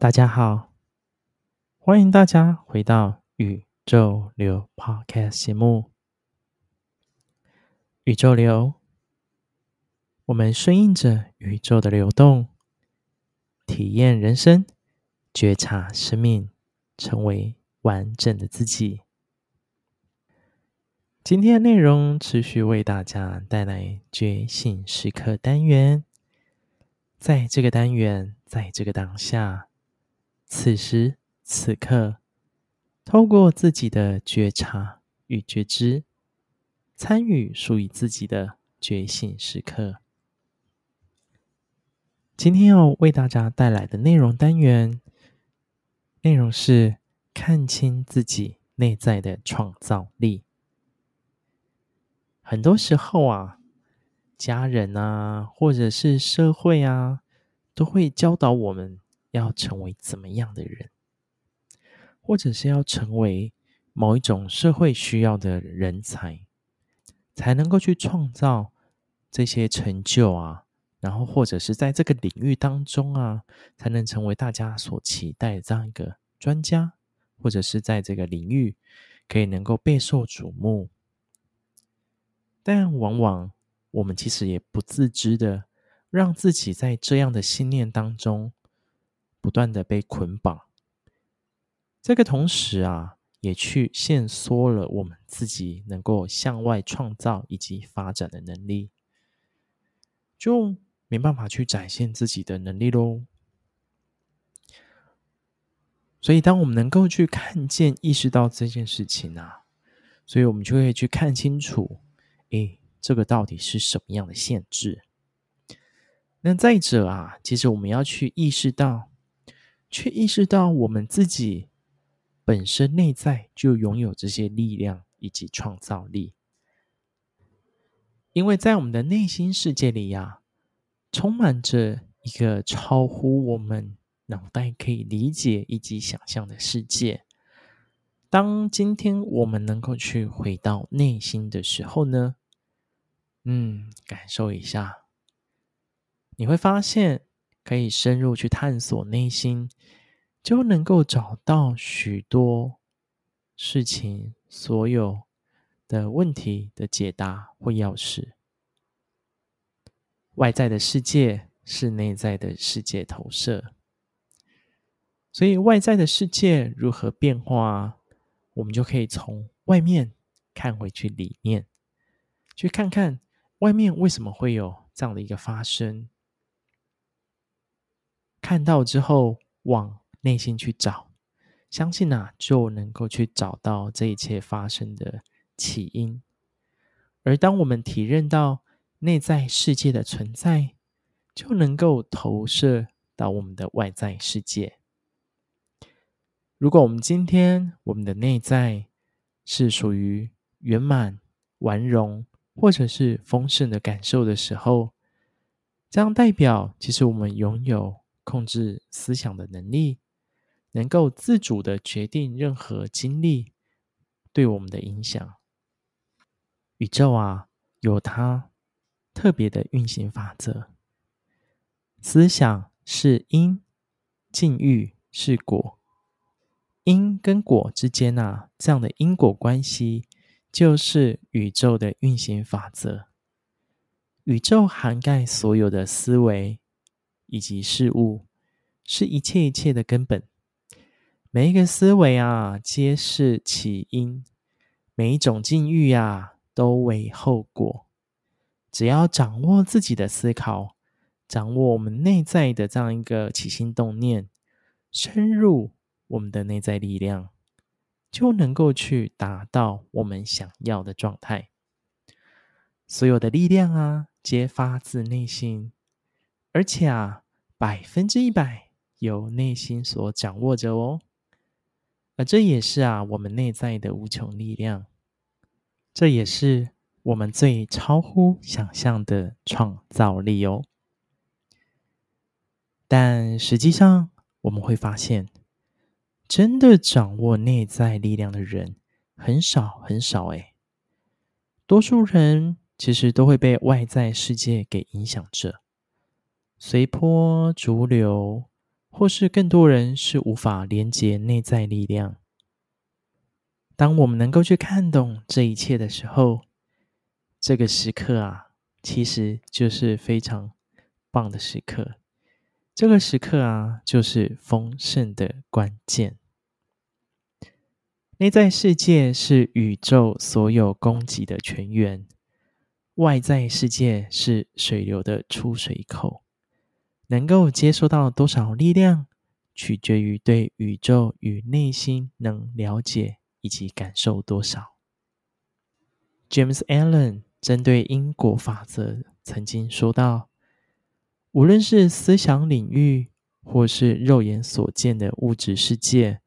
大家好，歡迎大家回到宇宙流 Podcast 節目。宇宙流，我們順應着宇宙的流動，體驗人生，覺察生命，成為完整的自己。今天的內容持續為大家帶來覺醒時刻單元，在這個單元，在這個當下。此時此刻，透過自己的覺察與覺知，參與屬於自己的覺醒時刻。今天要為大家帶來的內容單元，內容是看清自己內在的創造力。很多時候啊，家人啊，或者是社會啊，都會教導我們。要成為怎麼樣的人，或者是要成為某一種社會需要的人才，才能夠去創造這些成就啊，然後或者是在這個領域當中啊，才能成為大家所期待的這樣一個專家，或者是在這個領域可以能夠備受矚目。但往往我們其實也不自知的，讓自己在這樣的信念當中，不斷的被捆綁，這個同時啊，也去限縮了我們自己能夠向外創造以及發展的能力，就沒辦法去展現自己的能力嘍。所以，當我們能夠去看見、意識到這件事情啊，所以我們就會去看清楚，誒，這個到底是什麼樣的限制？那再者啊，其實我們要去意識到。卻意識到我們自己本身內在就擁有這些力量以及創造力，因為在我們的內心世界裡呀，充滿着一個超乎我們腦袋可以理解以及想象的世界。當今天我們能夠去回到內心的時候呢，嗯，感受一下，你會發現。可以深入去探索內心，就能夠找到許多事情所有的問題的解答或鑰匙。外在的世界是內在的世界投射，所以外在的世界如何變化，我們就可以從外面看回去裡面，去看看外面為什麼會有這樣的一個發生。看到之後，往內心去找，相信吶、啊，就能夠去找到這一切發生的起因。而當我們體認到內在世界的存在，就能夠投射到我們的外在世界。如果我們今天我們的內在是屬於圓滿、完容，或者是豐盛的感受的時候，這樣代表其實我們擁有。控制思想的能力，能夠自主的決定任何經歷對我們的影響。宇宙啊，有它特別的運行法則。思想是因，境遇是果。因跟果之間啊，這樣的因果關係就是宇宙的運行法則。宇宙涵蓋所有的思維。以及事物是一切一切的根本，每一個思維啊皆是起因，每一種境遇啊都為後果。只要掌握自己的思考，掌握我們內在的這樣一個起心動念，深入我們的內在力量，就能夠去達到我們想要的狀態。所有的力量啊，皆發自內心，而且啊。百分之一百由內心所掌握着哦，而這也是啊我們內在的無窮力量，這也是我們最超乎想象的創造力哦。但實際上，我們會發現，真的掌握內在力量的人很少很少誒、哎，多數人其實都會被外在世界給影響着。隨波逐流，或是更多人是無法連接內在力量。當我們能夠去看懂這一切的時候，這個時刻啊，其實就是非常棒的時刻。這個時刻啊，就是豐盛的關鍵。內在世界是宇宙所有供給的泉源，外在世界是水流的出水口。能夠接收到多少力量，取決於對宇宙與內心能了解以及感受多少。James Allen 針對因果法則曾經說道：“無論是思想領域，或是肉眼所見的物質世界，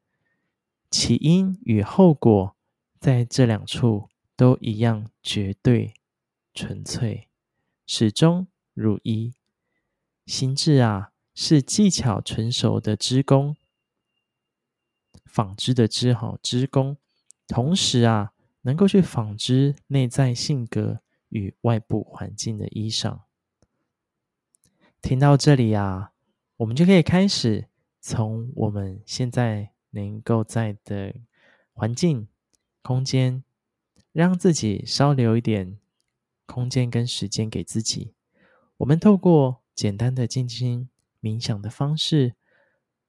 起因與後果在這兩處都一樣絕對純粹，始終如一。”心智啊，是技巧成熟的織工，紡織的織好織工，同時啊，能夠去紡織內在性格與外部環境的衣裳。聽到這裡啊，我們就可以開始從我們現在能夠在的環境空間，讓自己稍留一點空間跟時間給自己。我們透過。簡單的靜心冥想的方式，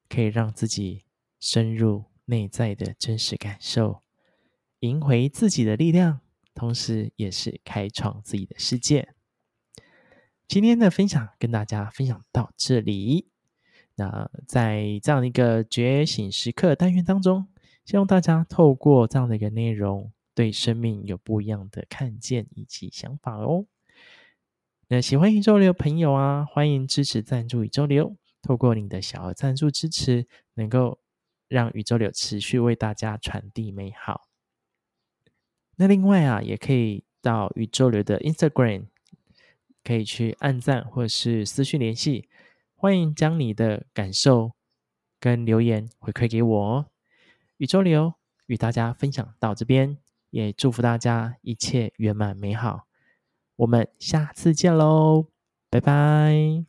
可以讓自己深入內在的真實感受，贏回自己的力量，同時也是開創自己的世界。今天的分享跟大家分享到這裡。那在這樣一個覺醒時刻單元當中，希望大家透過這樣的一個內容，對生命有不一樣的看見以及想法哦。喜歡宇宙流朋友啊，歡迎支持贊助宇宙流。透過你的小額贊助支持，能夠讓宇宙流持續為大家傳遞美好。那另外啊，也可以到宇宙流的 Instagram，可以去按讚或者是私訊聯繫。歡迎將你的感受跟留言回饋給我哦。宇宙流與大家分享到這邊，也祝福大家一切圓滿美好。我們下次見嘍，拜拜。